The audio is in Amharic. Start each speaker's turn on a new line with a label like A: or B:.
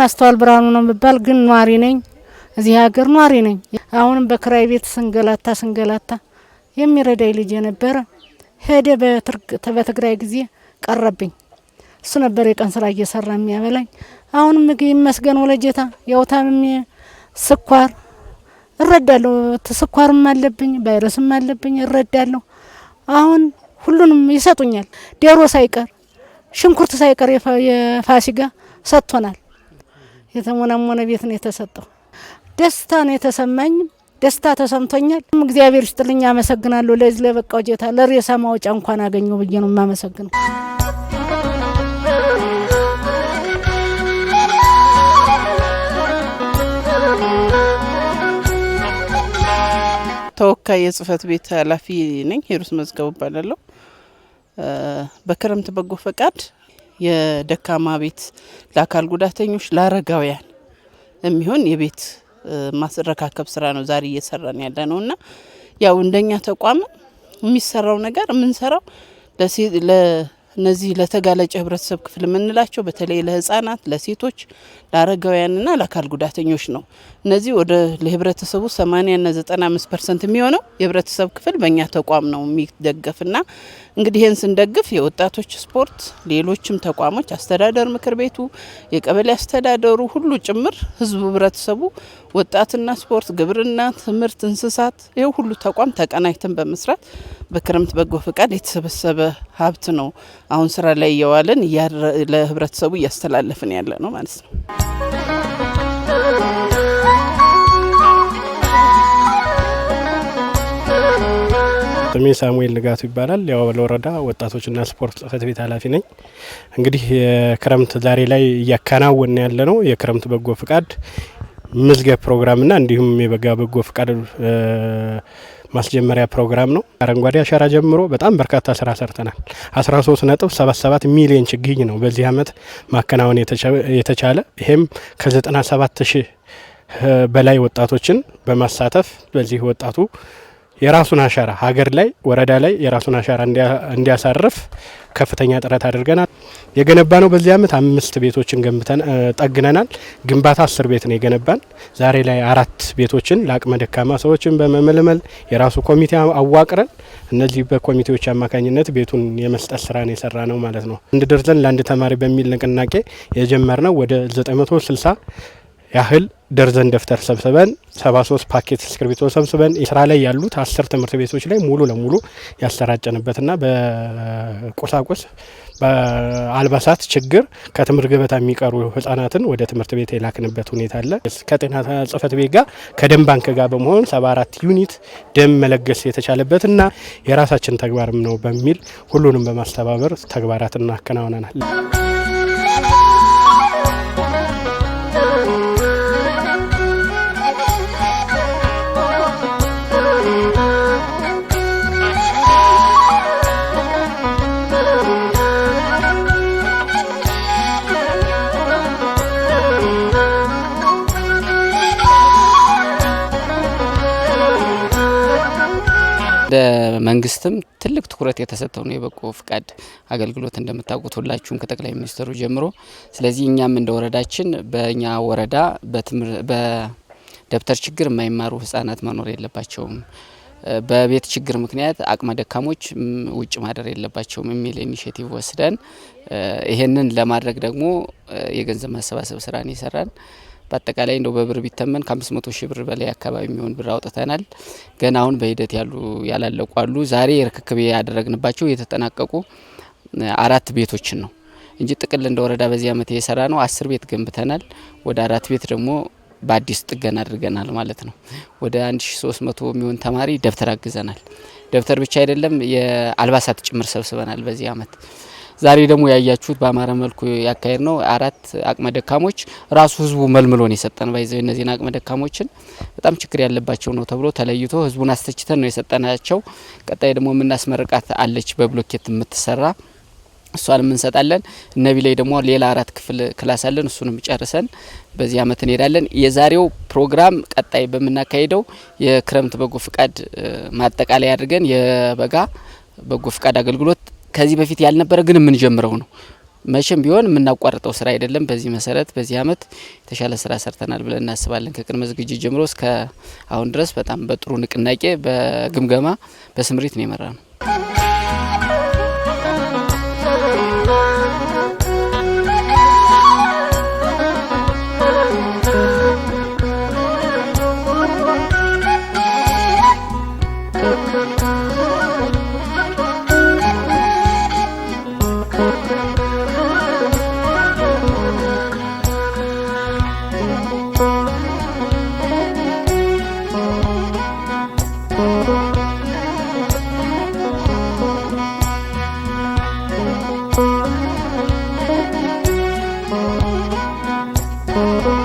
A: ማስተዋል ብርሃኑ ነው የምባል፣ ግን ኗሪ ነኝ፣ እዚህ ሀገር ኗሪ ነኝ። አሁንም በክራይ ቤት ስንገላታ ስንገላታ የሚረዳኝ ልጅ የነበረ ሄደ። በትግራይ ጊዜ ቀረብኝ። እሱ ነበር የቀን ስራ እየሰራ የሚያበላኝ። አሁንም ይመስገን ወለጀታ የውታም ስኳር እረዳለሁ። ስኳርም አለብኝ ቫይረስም አለብኝ እረዳለሁ። አሁን ሁሉንም ይሰጡኛል። ዶሮ ሳይቀር ሽንኩርት ሳይቀር የፋሲጋ ሰጥቶናል። የተሞናሞነ ቤት ነው የተሰጠው። ደስታ ነው የተሰማኝ ደስታ ተሰምቶኛል። እግዚአብሔር ይስጥልኝ፣ አመሰግናለሁ። ለዚህ ለበቃው ጌታ ለሬሳ ማውጫ እንኳን አገኘው ብዬ ነው የማመሰግነው።
B: ተወካይ የጽህፈት ቤት ኃላፊ ነኝ። ሄሩስ መዝገቡ እባላለሁ። በክረምት በጎ ፈቃድ የደካማ ቤት ለአካል ጉዳተኞች፣ ለአረጋውያን የሚሆን የቤት ማስረካከብ ስራ ነው ዛሬ እየሰራን ያለ ነው እና ያው እንደኛ ተቋም የሚሰራው ነገር የምንሰራው እነዚህ ለተጋላጭ ህብረተሰብ ክፍል የምንላቸው በተለይ ለህጻናት፣ ለሴቶች፣ ለአረጋውያንና ለአካል ጉዳተኞች ነው። እነዚህ ወደ ለህብረተሰቡ 80ና 95 ፐርሰንት የሚሆነው የህብረተሰብ ክፍል በእኛ ተቋም ነው የሚደገፍና እንግዲህ ይህን ስንደግፍ የወጣቶች ስፖርት፣ ሌሎችም ተቋሞች፣ አስተዳደር ምክር ቤቱ፣ የቀበሌ አስተዳደሩ ሁሉ ጭምር ህዝቡ ህብረተሰቡ ወጣትና ስፖርት፣ ግብርና፣ ትምህርት፣ እንስሳት ይህ ሁሉ ተቋም ተቀናጅተን በመስራት በክረምት በጎ ፈቃድ የተሰበሰበ ሀብት ነው። አሁን ስራ ላይ እየዋለን ለህብረተሰቡ እያስተላለፍን ያለ ነው ማለት ነው።
C: ስሜ ሳሙኤል ንጋቱ ይባላል። ያው ለወረዳ ወጣቶችና ስፖርት ጽህፈት ቤት ኃላፊ ነኝ። እንግዲህ የክረምት ዛሬ ላይ እያከናወን ያለ ነው የክረምት በጎ ፍቃድ ምዝገብ ፕሮግራምና እንዲሁም የበጋ በጎ ፍቃድ ማስጀመሪያ ፕሮግራም ነው። አረንጓዴ አሻራ ጀምሮ በጣም በርካታ ስራ ሰርተናል። 13 ነጥብ 77 ሚሊዮን ችግኝ ነው በዚህ አመት ማከናወን የተቻለ ይሄም ከ97 ሺህ በላይ ወጣቶችን በማሳተፍ በዚህ ወጣቱ የራሱን አሻራ ሀገር ላይ ወረዳ ላይ የራሱን አሻራ እንዲያሳርፍ ከፍተኛ ጥረት አድርገናል። የገነባ ነው በዚህ አመት አምስት ቤቶችን ገንብተን ጠግነናል። ግንባታ አስር ቤት ነው የገነባን። ዛሬ ላይ አራት ቤቶችን ለአቅመ ደካማ ሰዎችን በመመልመል የራሱ ኮሚቴ አዋቅረን እነዚህ በኮሚቴዎች አማካኝነት ቤቱን የመስጠት ስራን የሰራ ነው ማለት ነው። አንድ ደርዘን ለአንድ ተማሪ በሚል ንቅናቄ የጀመርነው ወደ 960 ያህል ደርዘን ደብተር ሰብስበን 73 ፓኬት እስክርቢቶ ሰብስበን የስራ ላይ ያሉት አስር ትምህርት ቤቶች ላይ ሙሉ ለሙሉ ያሰራጨንበትና በቁሳቁስ በአልባሳት ችግር ከትምህርት ገበታ የሚቀሩ ህጻናትን ወደ ትምህርት ቤት የላክንበት ሁኔታ አለ። ከጤና ጽህፈት ቤት ጋር ከደም ባንክ ጋር በመሆን 74 ዩኒት ደም መለገስ የተቻለበትና የራሳችን ተግባርም ነው በሚል ሁሉንም በማስተባበር ተግባራትን እናከናውናለን።
B: በመንግስትም ትልቅ ትኩረት የተሰጠው ነው የበጎ ፍቃድ አገልግሎት እንደምታውቁት ሁላችሁም ከጠቅላይ ሚኒስትሩ ጀምሮ። ስለዚህ እኛም እንደ ወረዳችን በእኛ ወረዳ በደብተር ችግር የማይማሩ ህጻናት መኖር የለባቸውም፣ በቤት ችግር ምክንያት አቅመ ደካሞች ውጭ ማደር የለባቸውም የሚል ኢኒሽቲቭ ወስደን ይሄንን ለማድረግ ደግሞ የገንዘብ ማሰባሰብ ስራን ይሰራል። በአጠቃላይ እንደው በብር ቢተመን ከ500 ሺህ ብር በላይ አካባቢ የሚሆን ብር አውጥተናል። ገና አሁን በሂደት ያሉ ያላለቁ አሉ። ዛሬ ርክክብ ያደረግንባቸው የተጠናቀቁ አራት ቤቶችን ነው እንጂ ጥቅል እንደ ወረዳ በዚህ ዓመት የሰራ ነው አስር ቤት ገንብተናል። ወደ አራት ቤት ደግሞ በአዲስ ጥገና አድርገናል ማለት ነው። ወደ 1300 የሚሆን ተማሪ ደብተር አግዘናል። ደብተር ብቻ አይደለም የአልባሳት ጭምር ሰብስበናል በዚህ ዓመት ዛሬ ደግሞ ያያችሁት በአማረ መልኩ ያካሄድ ነው። አራት አቅመ ደካሞች ራሱ ህዝቡ መልምሎን የሰጠን ባይዘው እነዚህን አቅመ ደካሞችን በጣም ችግር ያለባቸው ነው ተብሎ ተለይቶ ህዝቡን አስተችተን ነው የሰጠናቸው። ቀጣይ ደግሞ የምናስመርቃት አለች በብሎኬት የምትሰራ እሷንም እንሰጣለን። እነቢ ላይ ደግሞ ሌላ አራት ክፍል ክላስ አለን። እሱንም ጨርሰን በዚህ አመት እንሄዳለን። የዛሬው ፕሮግራም ቀጣይ በምናካሄደው የክረምት በጎ ፍቃድ ማጠቃለያ አድርገን የበጋ በጎ ፍቃድ አገልግሎት ከዚህ በፊት ያልነበረ ግን የምንጀምረው ነው። መቼም ቢሆን የምናቋርጠው ስራ አይደለም። በዚህ መሰረት በዚህ አመት የተሻለ ስራ ሰርተናል ብለን እናስባለን። ከቅድመ ዝግጅት ጀምሮ እስከ አሁን ድረስ በጣም በጥሩ ንቅናቄ፣ በግምገማ፣ በስምሪት ነው የመራ ነው። Thank you.